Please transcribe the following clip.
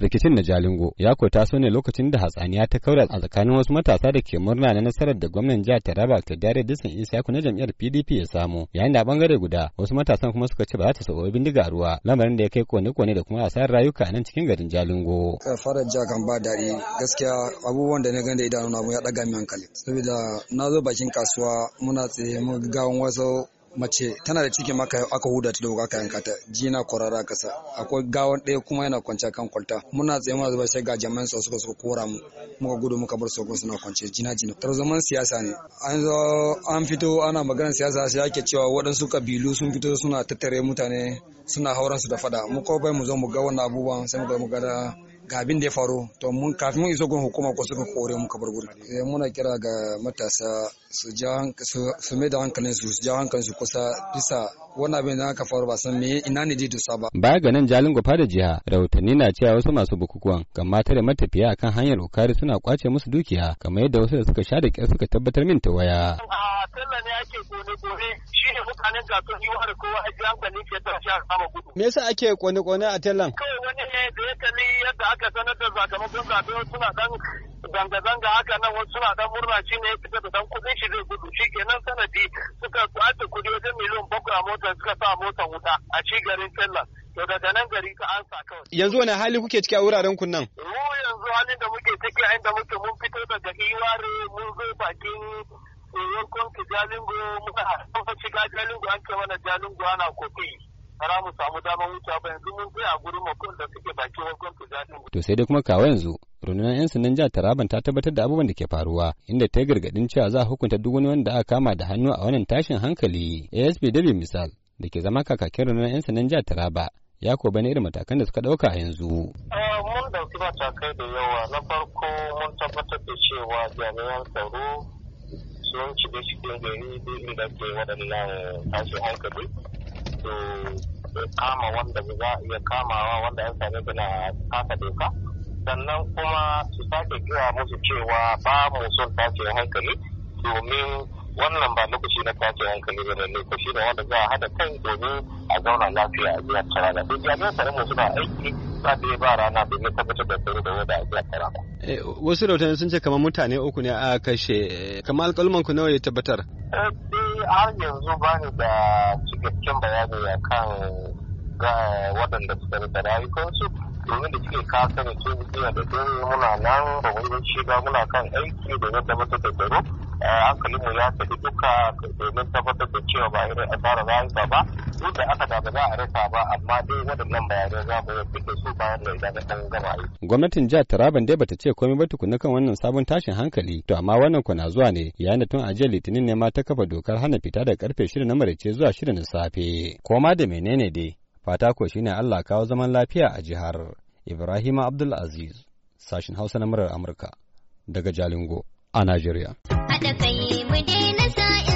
rikicin na jalingo ya ko taso ne lokacin da hatsaniya ta kaura a tsakanin wasu matasa da ke murna na nasarar da gwamnan jihar taraba dare disan isaku na jam'iyyar pdp ya samu yayin da a bangare guda wasu matasan kuma suka ce ba za ta sauwa bindiga ruwa lamarin da ya kai kone-kone da kuma asarar rayuka nan cikin garin jalingo. fara jiya kan ba daɗi gaskiya abubuwan da na gan da idanu idanuna ya ɗaga min hankali saboda na zo bakin kasuwa muna tsaye mu ga wasu mace tana da cikin maka aka huda ta da aka kata jina kwarara kasa akwai gawan ɗaya kuma yana kwance kan kwalta muna tsaye muna zuba sai ga jami'an tsaro suka suka kora mu muka gudu muka bar sokon suna kwance jina jina tarzoman siyasa ne an zo an fito ana magana siyasa sai yake cewa waɗansu kabilu sun fito suna tattare mutane suna hauransu da fada mu kawai mu zo mu ga wannan abubuwan sai mu ga mu ga ga abin da ya faru to mun kafin mun iso gun hukuma ko suka kore muka bar gurin eh muna kira ga matasa su ja su mai da hankalin su su ja hankalin su kusa bisa wannan abin da aka faru ba san me ina ne dai sa ba baya ga nan jalin gofa da jiha rahotanni na cewa wasu masu bukukuwan kan mata da matafiya akan hanyar ukari suna kwace musu dukiya kamar yadda wasu da suka sha da kyar suka tabbatar min ta waya sallah ne ake kone-kone shi ne mutanen gasar yi wa kowa a jiya kwanin ke tafiya kama gudu me yasa ake kone-kone a tallan kawai aka sanar da zakamakon zaɓe suna dan zanga-zanga haka nan wasu suna dan murna shi ne ya fita da dan kuɗin shi zai gudu shi kenan sanadi suka kwace kuɗi wajen miliyan bakwai a mota suka sa motar wuta a ci garin Finland. To daga nan gari ka ansa kawai. Yanzu wani hali kuke ciki a wuraren kun nan? Mu yanzu halin da muke ciki a inda muke mun fito daga Iware mun zo bakin eh, yankon Jalingo muna shiga Jalingo an ce mana Jalingo ana kofi. ba za mu samu damar wucewa ba yanzu mun tsaya a gurin makon da suke baki wakon tujadin. To sai dai kuma kawo yanzu rundunar 'yan sandan jihar Taraban ta tabbatar da abubuwan da ke faruwa inda ta gargadin cewa za a hukunta duk wani wanda aka kama da hannu a wannan tashin hankali ASP Dabi misal da ke zama kakakin rundunar 'yan sandan jihar Taraba ya ko bane irin matakan da suka dauka a yanzu. Eh, mun dauki matakai da yawa na farko mun tabbatar da cewa jami'an tsaro sun shiga cikin gari da ke waɗannan tashin hankali. ke kama wanda za a iya kamawa wanda an same na kasa doka sannan kuma su sake kira musu cewa ba mu son tashin hankali domin wannan ba lokaci na tashin hankali ba ne lokaci ne wanda za a hada kai domin a zauna lafiya a jihar taraba to jami'an tsaron suna aiki ba da ba rana domin tabbatar da tsaro da wanda a jihar taraba. Eh, wasu rahotanni sun ce kamar mutane uku ne a kashe kamar alƙalman ku nawa ya tabbatar. Eh, har yanzu ba ni da cikakken bayani a kan waɗanda suka rika rayukansu domin da suke kasa su iya da dai muna nan ba mu yi shiga muna kan aiki da na mutu da tsaro eh, hankalinmu ya tafi duka domin tabbatar da cewa ba irin asarar rayuka ba duk da aka ba za a rasa ba amma dai waɗannan bayanai za mu duk su bayan da gama Gwamnatin jihar Taraban dai bata ce komai ba tukuna kan wannan sabon tashin hankali to amma wannan ku na zuwa ne yayin da tun a jiya Litinin ne ma ta kafa dokar hana fita da karfe shirin na maraice zuwa shida na safe. Koma da menene dai fata ko shine Allah kawo zaman lafiya a jihar. Ibrahim Abdul Aziz sashin Hausa na murar Amurka daga Jalingo a Najeriya. Haɗa kai mu sa'in.